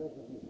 Joseph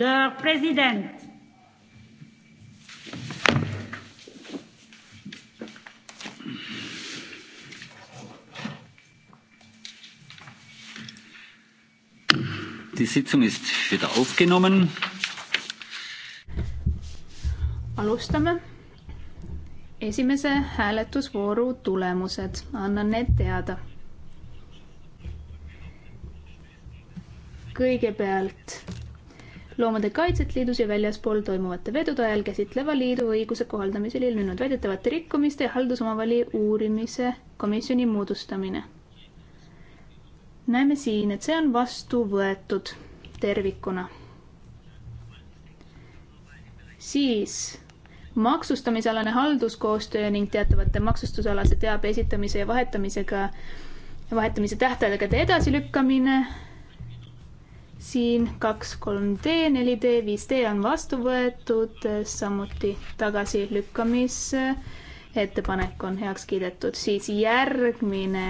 Der Präsident. Die Sitzung ist wieder aufgenommen. Alustame esimese hääletusvooru tulemused. Annan need teada. Kõigepealt loomade kaitset liidus ja väljaspool toimuvate vedude ajal käsitleva liidu õiguse kohaldamisel ilmnenud väidetavate rikkumiste ja haldusomavali uurimise komisjoni moodustamine. näeme siin, et see on vastu võetud tervikuna. siis maksustamisalane halduskoostöö ning teatavate maksustusalase teabe esitamise ja vahetamisega, vahetamise tähtaegadega edasilükkamine siin kaks, kolm D, neli D, viis D on vastu võetud, samuti tagasilükkamise ettepanek on heaks kiidetud, siis järgmine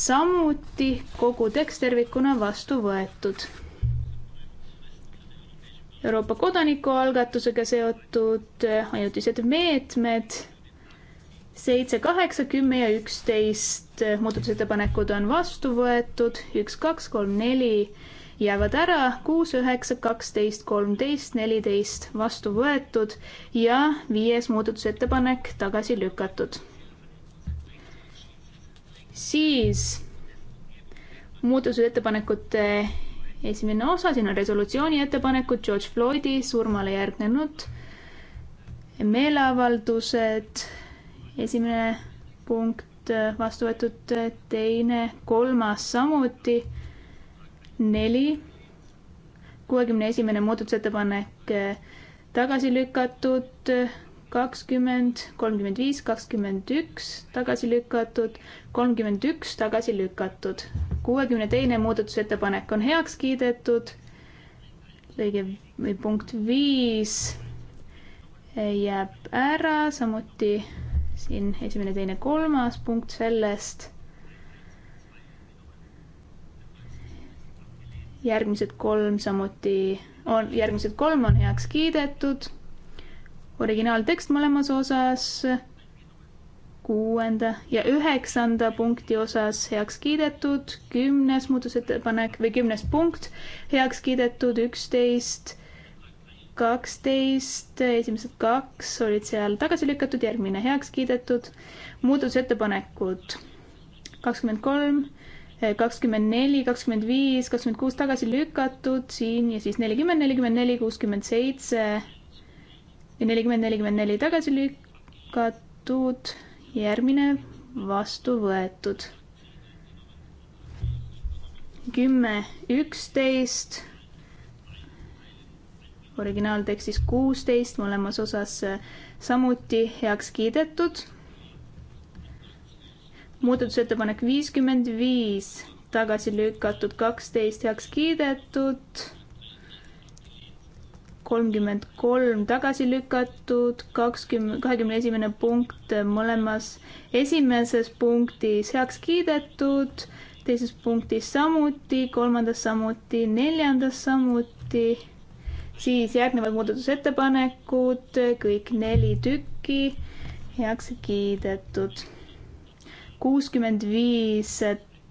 samuti kogu tekst tervikuna vastu võetud. Euroopa kodanikualgatusega seotud ajutised meetmed seitse, kaheksa, kümme ja üksteist muudatusettepanekud on vastu võetud, üks, kaks, kolm, neli jäävad ära, kuus, üheksa, kaksteist, kolmteist, neliteist vastu võetud ja viies muudatusettepanek tagasi lükatud. siis muudatusettepanekute esimene osa, siin on resolutsiooni ettepanekud George Floydi surmale järgnenud meeleavaldused, esimene punkt vastu võetud, teine, kolmas samuti neli, kuuekümne esimene muudatusettepanek eh, tagasi lükatud, kakskümmend, kolmkümmend viis, kakskümmend üks tagasi lükatud, kolmkümmend üks tagasi lükatud. kuuekümne teine muudatusettepanek on heaks kiidetud, lõige või punkt viis jääb ära, samuti siin esimene, teine, kolmas punkt sellest järgmised kolm samuti on, järgmised kolm on heaks kiidetud. originaaltekst mõlemas osas, kuuenda ja üheksanda punkti osas heaks kiidetud, kümnes muudatusettepanek või kümnes punkt heaks kiidetud, üksteist, kaksteist, esimesed kaks olid seal tagasi lükatud, järgmine heaks kiidetud, muudatusettepanekud kakskümmend kolm kakskümmend neli, kakskümmend viis, kakskümmend kuus tagasi lükatud siin ja siis nelikümmend, nelikümmend neli, kuuskümmend seitse ja nelikümmend, nelikümmend neli tagasi lükatud, järgmine vastu võetud. kümme, üksteist, originaaltekstis kuusteist, mõlemas osas samuti heaks kiidetud muudatusettepanek viiskümmend viis tagasi lükatud, kaksteist heaks kiidetud, kolmkümmend kolm tagasi lükatud, kakskümmend, kahekümne esimene punkt mõlemas esimeses punktis heaks kiidetud, teises punktis samuti, kolmandas samuti, neljandas samuti siis järgnevad muudatusettepanekud, kõik neli tükki heaks kiidetud kuuskümmend viis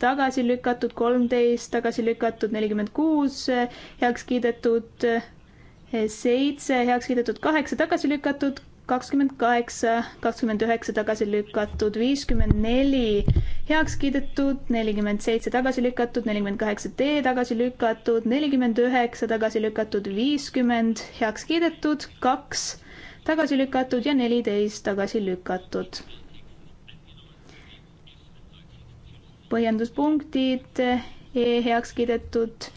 tagasi lükatud, kolmteist tagasi lükatud, nelikümmend kuus heaks kiidetud, seitse heaks kiidetud, kaheksa tagasi lükatud, kakskümmend kaheksa, kakskümmend üheksa tagasi lükatud, viiskümmend neli heaks kiidetud, nelikümmend seitse tagasi lükatud, nelikümmend kaheksa D tagasi lükatud, nelikümmend üheksa tagasi lükatud, viiskümmend heaks kiidetud, kaks tagasi lükatud ja neliteist tagasi lükatud põhjenduspunktid e heaks kiidetud,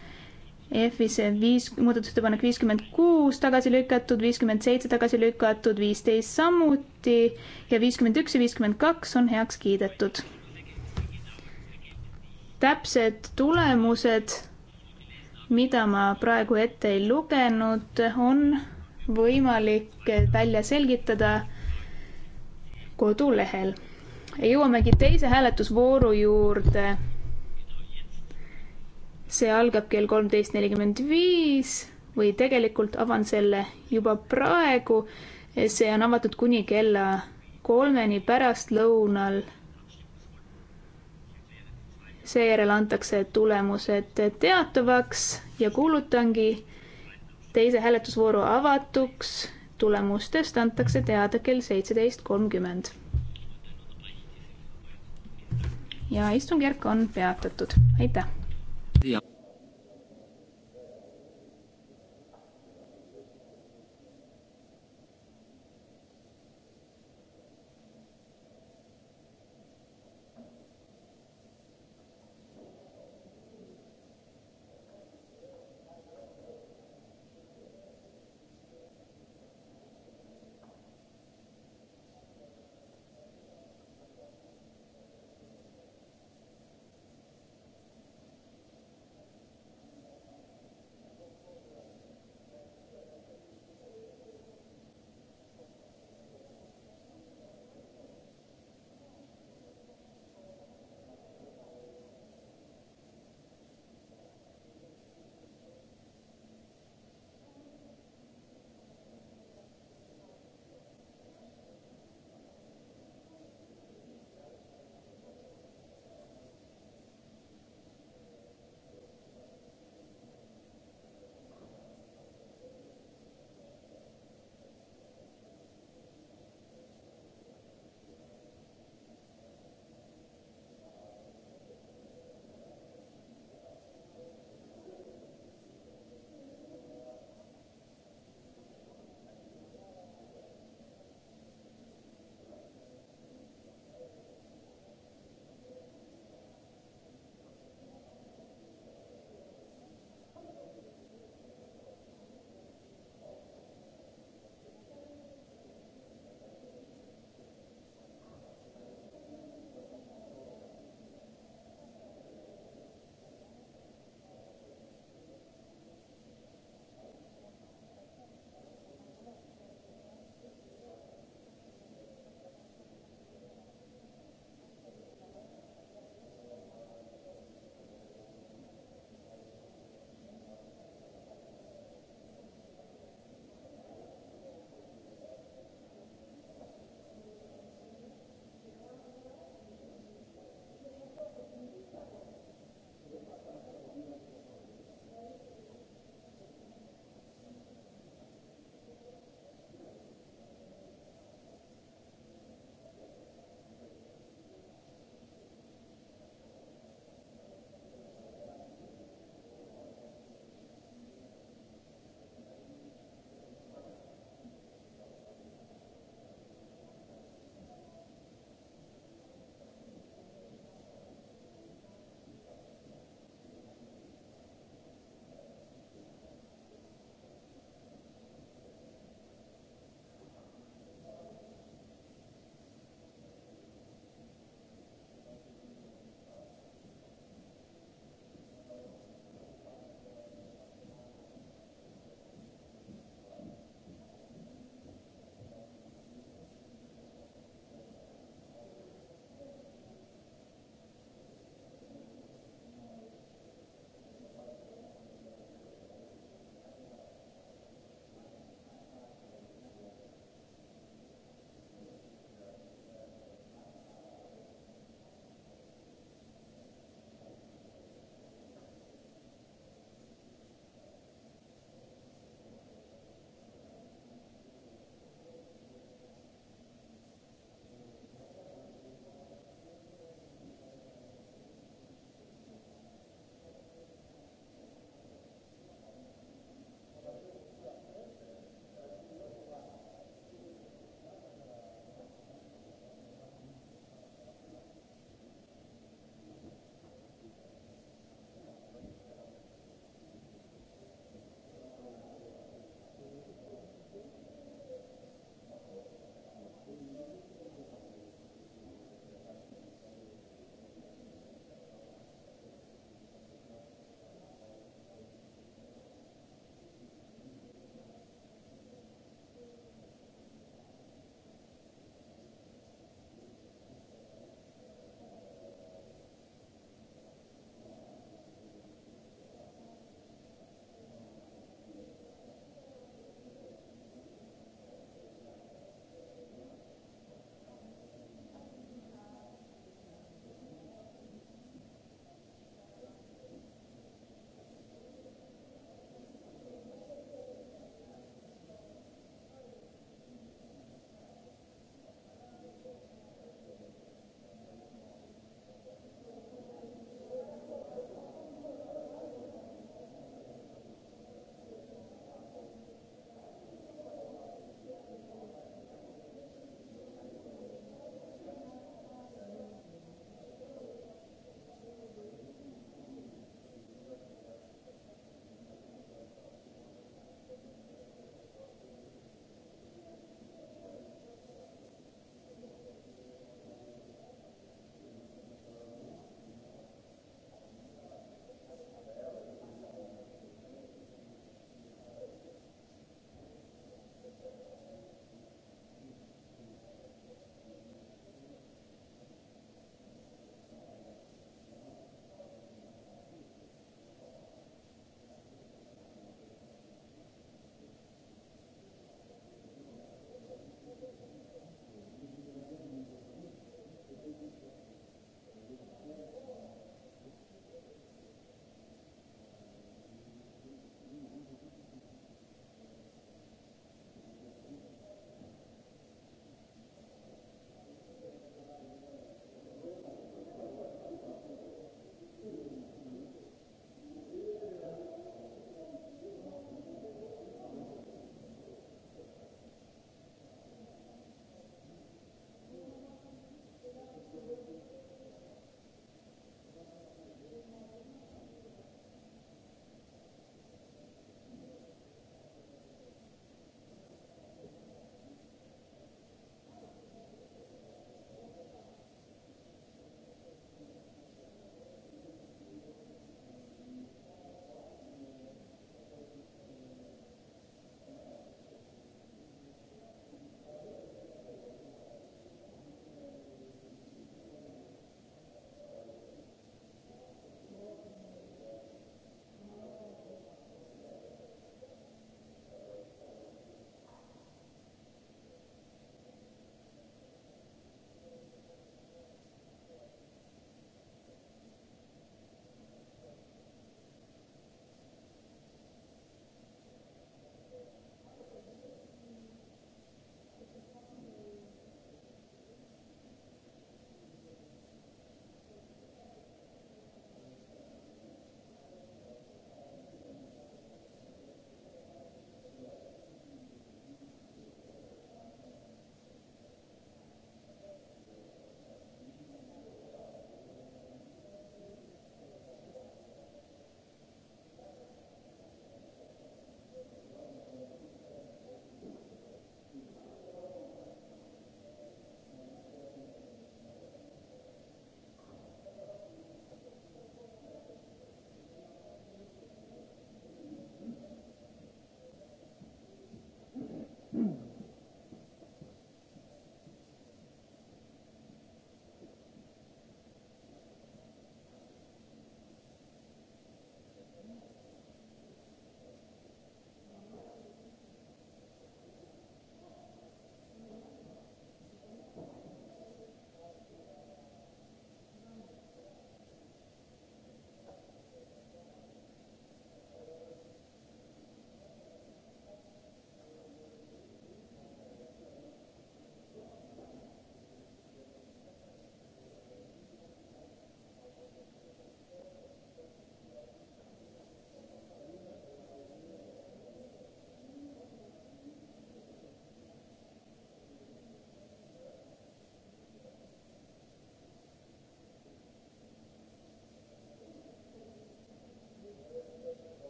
F-is viis, muudatusettepanek viiskümmend kuus tagasi lükatud, viiskümmend seitse tagasi lükatud, viisteist samuti ja viiskümmend üks ja viiskümmend kaks on heaks kiidetud. täpsed tulemused, mida ma praegu ette ei lugenud, on võimalik välja selgitada kodulehel jõuamegi teise hääletusvooru juurde. see algab kell kolmteist nelikümmend viis või tegelikult avan selle juba praegu. see on avatud kuni kella kolmeni pärastlõunal. seejärel antakse tulemused teatavaks ja kuulutangi teise hääletusvooru avatuks. tulemustest antakse teada kell seitseteist kolmkümmend ja istungjärk on peatatud, aitäh!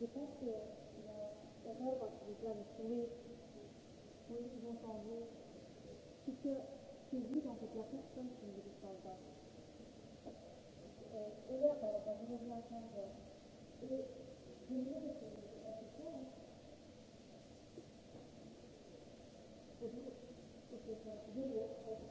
dépense la mère quand il est là me trouver. Oui, j'entends vous. C'est que c'est vous en fait la personne qui ne vous parle pas. Et là, quand je reviens à 15 heures, et je me dis que c'est pas tout ça. Je dis que c'est un